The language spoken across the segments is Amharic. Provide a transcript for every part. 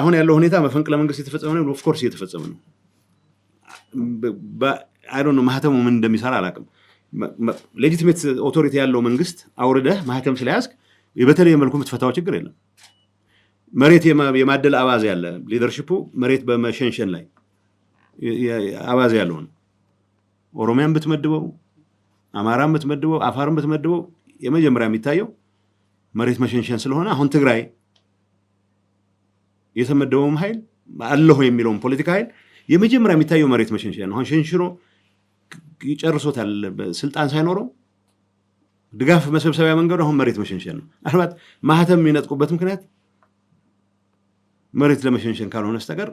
አሁን ያለው ሁኔታ መፈንቅለ መንግስት የተፈጸመ ነው። ኦፍኮርስ እየተፈጸመ ነው። አይዶ ነው ማህተሙ ምን እንደሚሰራ አላውቅም። ሌጂትሜት ኦቶሪቲ ያለው መንግስት አውርደህ ማህተም ስለያዝክ በተለየ መልኩ የምትፈታው ችግር የለም። መሬት የማደል አባዜ ያለ ሊደርሽፑ መሬት በመሸንሸን ላይ አባዜ ያለው ነው። ኦሮሚያን ብትመድበው፣ አማራን ብትመድበው፣ አፋርን ብትመድበው የመጀመሪያ የሚታየው መሬት መሸንሸን ስለሆነ አሁን ትግራይ የተመደበውም ኃይል አለሁ የሚለውም ፖለቲካ ኃይል የመጀመሪያ የሚታየው መሬት መሸንሸ ነው። ሸንሽኖ ይጨርሶታል። ስልጣን ሳይኖረው ድጋፍ መሰብሰቢያ መንገዱ አሁን መሬት መሸንሸን ነው። ምናልባት ማህተም የሚነጥቁበት ምክንያት መሬት ለመሸንሸን ካልሆነ በስተቀር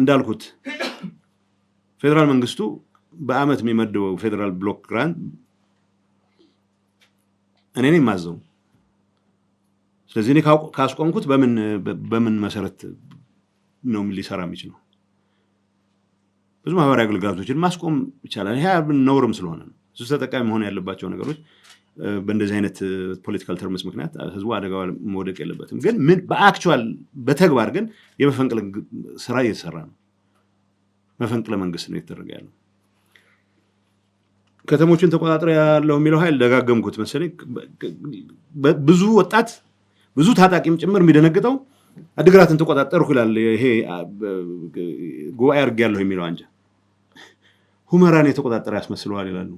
እንዳልኩት ፌዴራል መንግስቱ በአመት የሚመድበው ፌዴራል ብሎክ ግራንት እኔ ነኝ የማዘው ስለዚህ እኔ ካስቆምኩት በምን መሰረት ነው ሊሰራ የሚችለው? ብዙ ማህበራዊ አገልግሎቶችን ማስቆም ይቻላል። ይሄ ነውርም ስለሆነ ነው። ተጠቃሚ መሆን ያለባቸው ነገሮች በእንደዚህ አይነት ፖለቲካል ተርምስ ምክንያት ህዝቡ አደጋ መውደቅ የለበትም። ግን ምን በአክቹዋል በተግባር ግን የመፈንቅለ ስራ እየተሰራ ነው። መፈንቅለ መንግስት ነው የተደረገ ያለው። ከተሞችን ተቆጣጥሬ ያለሁ የሚለው ሀይል ደጋገምኩት መሰለኝ ብዙ ወጣት ብዙ ታጣቂም ጭምር የሚደነግጠው አድግራትን ተቆጣጠርኩ ይላል። ይሄ ጉባኤ ያለሁ የሚለው አንጃ ሁመራን የተቆጣጠረ ያስመስለዋል ይላሉ።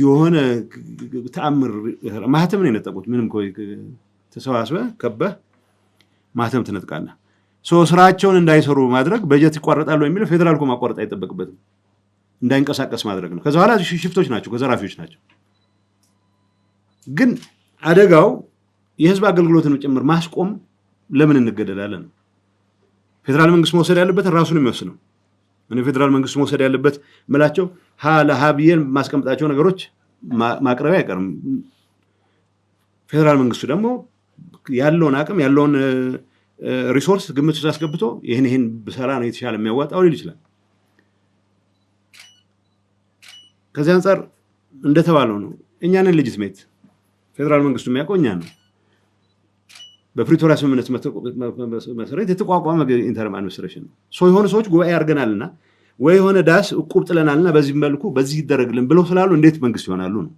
የሆነ ተአምር ማህተም ነው የነጠቁት። ምንም ተሰባስበ ከበ ማህተም ትነጥቃለህ። ስራቸውን እንዳይሰሩ ማድረግ በጀት ይቋረጣሉ የሚለው ፌዴራል እኮ ማቋረጥ አይጠበቅበትም። እንዳይንቀሳቀስ ማድረግ ነው። ከዛ በኋላ ሽፍቶች ናቸው፣ ከዘራፊዎች ናቸው። ግን አደጋው የህዝብ አገልግሎትን ጭምር ማስቆም ለምን እንገደዳለን? ፌዴራል መንግስት መውሰድ ያለበትን ራሱ ነው የሚወስነው። እኔ ፌዴራል መንግስት መውሰድ ያለበት ምላቸው ሀ ማስቀምጣቸው ነገሮች ማቅረቢያ አይቀርም። ፌዴራል መንግስቱ ደግሞ ያለውን አቅም ያለውን ሪሶርስ ግምት ውስጥ አስገብቶ ይህን ይህን ብሰራ ነው የተሻለ የሚያዋጣው ሊል ይችላል። ከዚህ አንጻር እንደተባለው ነው እኛንን ልጅት ሜት ፌዴራል መንግስቱ የሚያውቀው እኛ ነው። በፕሪቶሪያ ስምምነት መሰረት የተቋቋመ ኢንተርም አድሚኒስትሬሽን ነው። ሰው የሆኑ ሰዎች ጉባኤ አድርገናልና ወይ የሆነ ዳስ እቁብ ጥለናልና በዚህ መልኩ በዚህ ይደረግልን ብለው ስላሉ እንዴት መንግስት ይሆናሉ ነው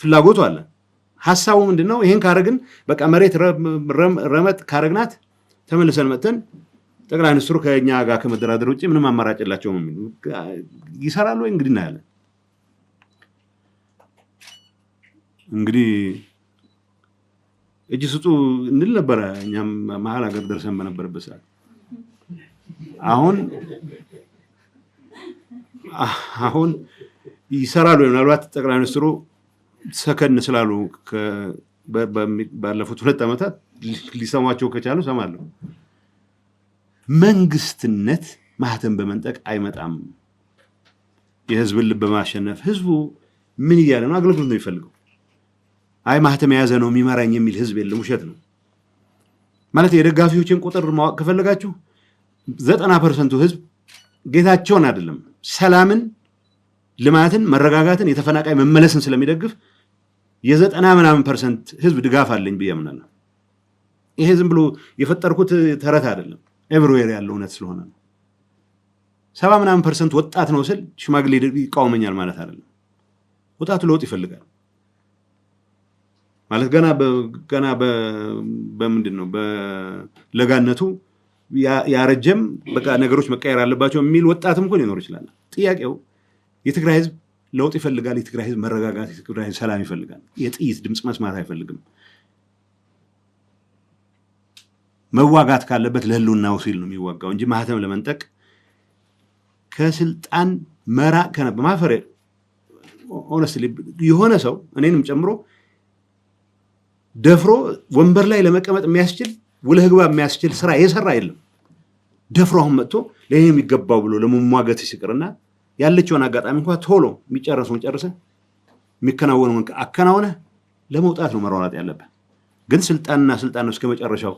ፍላጎቱ አለ። ሀሳቡ ምንድነው? ይህን ካረግን በቃ መሬት ረመጥ ካረግናት ተመልሰን መጥተን ጠቅላይ ሚኒስትሩ ከኛ ጋር ከመደራደር ውጭ ምንም አማራጭ የላቸውም የሚሉ ይሰራሉ ወይ እንግዲህ እናያለን። እንግዲህ እጅ ስጡ እንል ነበረ። እኛም መሀል ሀገር ደርሰን በነበረበት ሰዓት አሁን አሁን ይሰራሉ ምናልባት ጠቅላይ ሚኒስትሩ ሰከን ስላሉ ባለፉት ሁለት ዓመታት ሊሰማቸው ከቻሉ ሰማለሁ። መንግስትነት ማህተም በመንጠቅ አይመጣም። የህዝብን ልብ በማሸነፍ ህዝቡ ምን እያለ ነው? አገልግሎት ነው የሚፈልገው። አይ ማህተም የያዘ ነው የሚመራኝ የሚል ህዝብ የለም። ውሸት ነው ማለት የደጋፊዎችን ቁጥር ማወቅ ከፈለጋችሁ ዘጠና ፐርሰንቱ ህዝብ ጌታቸውን አይደለም ሰላምን፣ ልማትን፣ መረጋጋትን፣ የተፈናቃይ መመለስን ስለሚደግፍ የዘጠና ምናምን ፐርሰንት ህዝብ ድጋፍ አለኝ ብዬ አምናለሁ። ይሄ ዝም ብሎ የፈጠርኩት ተረት አይደለም፣ ኤቭሪዌር ያለው እውነት ስለሆነ ነው። ሰባ ምናምን ፐርሰንት ወጣት ነው ስል ሽማግሌ ይቃወመኛል ማለት አይደለም። ወጣቱ ለውጥ ይፈልጋል። ማለት ገና ገና በምንድን ነው በለጋነቱ ያረጀም በቃ ነገሮች መቀየር አለባቸው የሚል ወጣትም እኮ ሊኖር ይችላል። ጥያቄው የትግራይ ህዝብ ለውጥ ይፈልጋል። የትግራይ ህዝብ መረጋጋት፣ የትግራይ ህዝብ ሰላም ይፈልጋል። የጥይት ድምፅ መስማት አይፈልግም። መዋጋት ካለበት ለህልውናው ሲል ነው የሚዋጋው እንጂ ማህተም ለመንጠቅ ከስልጣን መራቅ ከነበ ማፈሬ ሆነስ የሆነ ሰው እኔንም ጨምሮ ደፍሮ ወንበር ላይ ለመቀመጥ የሚያስችል ውለህ ግባ የሚያስችል ስራ የሰራ የለም። ደፍሮ አሁን መጥቶ ለይህ የሚገባው ብሎ ለመሟገት ሲቅርና ያለችውን አጋጣሚ እንኳ ቶሎ የሚጨረሰውን ጨርሰ የሚከናወነውን አከናወነ ለመውጣት ነው መሯሯጥ ያለብህ። ግን ስልጣንና ስልጣን ነው እስከ መጨረሻው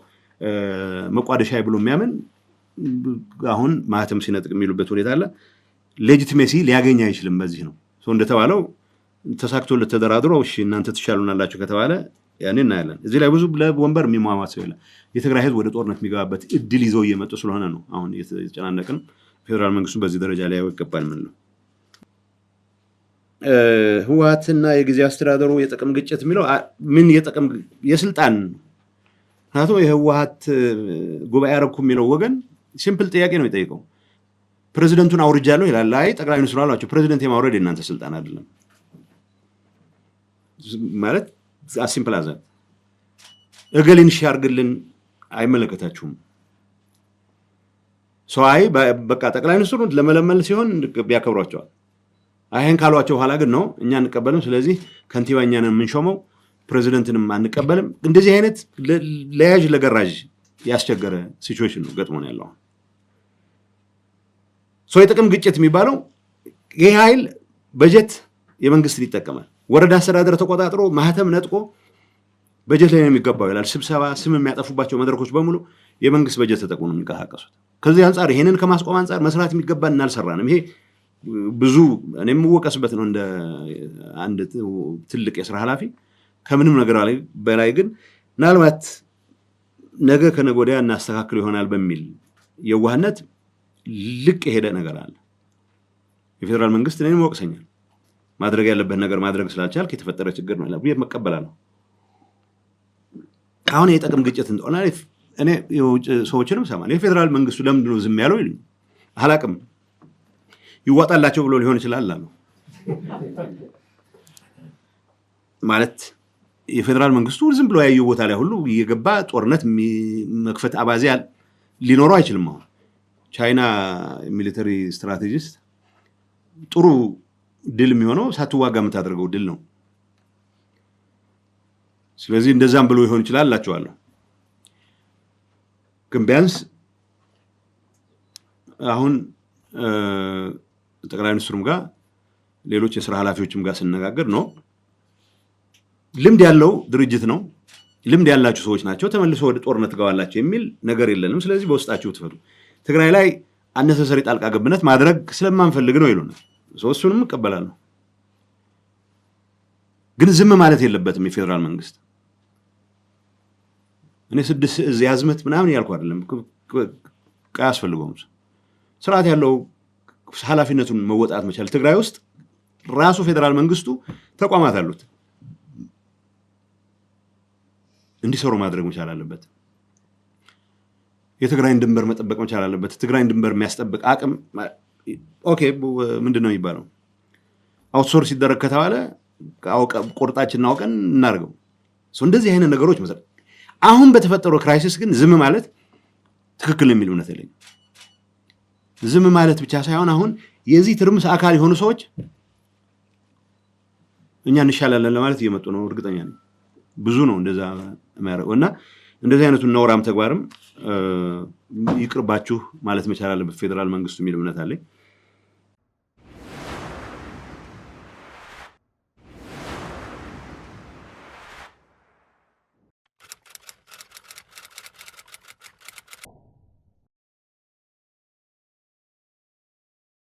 መቋደሻ ብሎ የሚያምን አሁን ማህተም ሲነጥቅ የሚሉበት ሁኔታ አለ። ሌጂቲሜሲ ሊያገኝ አይችልም። በዚህ ነው እንደተባለው ተሳክቶለት ተደራድሮ እናንተ ትሻሉናላችሁ ከተባለ ያኔ እናያለን። እዚህ ላይ ብዙ ለወንበር የሚሟሟት ሰው የለም። የትግራይ ህዝብ ወደ ጦርነት የሚገባበት እድል ይዘው እየመጡ ስለሆነ ነው አሁን የተጨናነቅን። ፌዴራል መንግስቱ በዚህ ደረጃ ላይ ይገባል። ምን ነው ህወሓትና የጊዜ አስተዳደሩ የጥቅም ግጭት የሚለው ምን የጥቅም የስልጣን ምክንያቱም የህወሓት ጉባኤ አረኩ የሚለው ወገን ሲምፕል ጥያቄ ነው የጠይቀው። ፕሬዚደንቱን አውርጃለሁ ይላል። አይ ጠቅላይ ሚኒስትሩ አሏቸው። ፕሬዚደንት የማውረድ የእናንተ ስልጣን አይደለም ማለት አሲምፕል አዛት እገሌን አይመለከታችሁም። ሰው አይ በቃ ጠቅላይ ሚኒስትሩ ለመለመል ሲሆን ያከብሯቸዋል። አይህን ካሏቸው በኋላ ግን ነው እኛ አንቀበልም፣ ስለዚህ ከንቲባ እኛን የምንሾመው ፕሬዚደንትንም አንቀበልም። እንደዚህ አይነት ለያዥ ለገራዥ ያስቸገረ ሲቹዌሽን ነው ገጥሞን ያለው። ሰው የጥቅም ግጭት የሚባለው ይህ ኃይል በጀት የመንግስትን ይጠቀማል ወረዳ አስተዳደር ተቆጣጥሮ ማህተም ነጥቆ በጀት ላይ ነው የሚገባው ይላል። ስብሰባ ስም የሚያጠፉባቸው መድረኮች በሙሉ የመንግስት በጀት ተጠቅሞ ነው የሚንቀሳቀሱት። ከዚህ አንጻር ይሄንን ከማስቆም አንጻር መስራት የሚገባ እናልሰራንም። ይሄ ብዙ እኔ የምወቀስበት ነው እንደ አንድ ትልቅ የስራ ኃላፊ። ከምንም ነገር በላይ ግን ምናልባት ነገ ከነገ ወዲያ እናስተካክል ይሆናል በሚል የዋህነት ልቅ የሄደ ነገር አለ። የፌዴራል መንግስት እኔንም ማድረግ ያለበት ነገር ማድረግ ስላልቻልክ የተፈጠረ ችግር ነው ብዬ ነው። አሁን የጥቅም ግጭት እንደሆነ እኔ የውጭ ሰዎችንም ሰማ የፌዴራል መንግስቱ ለምንድን ነው ዝም ያለው ይሉኝ አላቅም። ይዋጣላቸው ብሎ ሊሆን ይችላል አሉ ማለት የፌዴራል መንግስቱ ዝም ብሎ ያየው ቦታ ላይ ሁሉ እየገባ ጦርነት መክፈት አባዜ ሊኖረው አይችልም። አሁን ቻይና ሚሊተሪ ስትራቴጂስት ጥሩ ድል የሚሆነው ሳትዋጋ የምታደርገው ድል ነው። ስለዚህ እንደዛም ብሎ ይሆን ይችላል እላቸዋለሁ። ግን ቢያንስ አሁን ጠቅላይ ሚኒስትሩም ጋር ሌሎች የስራ ኃላፊዎችም ጋር ስነጋገር ነው ልምድ ያለው ድርጅት ነው፣ ልምድ ያላችሁ ሰዎች ናቸው፣ ተመልሶ ወደ ጦርነት ትገባላችሁ የሚል ነገር የለንም። ስለዚህ በውስጣችሁ ትፈቱ። ትግራይ ላይ አነሰሰሪ ጣልቃ ገብነት ማድረግ ስለማንፈልግ ነው ይሉናል። እሱንም እቀበላለሁ። ግን ዝም ማለት የለበትም የፌዴራል መንግስት። እኔ ስድስት እዚ ያዝመት ምናምን ያልኩ አይደለም። አያስፈልገውም። ስርዓት ያለው ኃላፊነቱን መወጣት መቻል። ትግራይ ውስጥ ራሱ ፌዴራል መንግስቱ ተቋማት አሉት እንዲሰሩ ማድረግ መቻል አለበት። የትግራይን ድንበር መጠበቅ መቻል አለበት። ትግራይን ድንበር የሚያስጠብቅ አቅም ኦኬ ምንድን ነው የሚባለው? አውትሶርስ ሲደረግ ከተባለ ቆርጣችን አውቀን እናደርገው። እንደዚህ አይነት ነገሮች መሰለ። አሁን በተፈጠረው ክራይሲስ ግን ዝም ማለት ትክክል የሚል እምነት የለኝ። ዝም ማለት ብቻ ሳይሆን አሁን የዚህ ትርምስ አካል የሆኑ ሰዎች እኛ እንሻላለን ለማለት እየመጡ ነው። እርግጠኛ ነኝ ብዙ ነው እንደዛ እና እንደዚህ አይነቱ ነውራም ተግባርም ይቅርባችሁ ማለት መቻል አለበት ፌዴራል መንግስቱ የሚል እምነት አለኝ።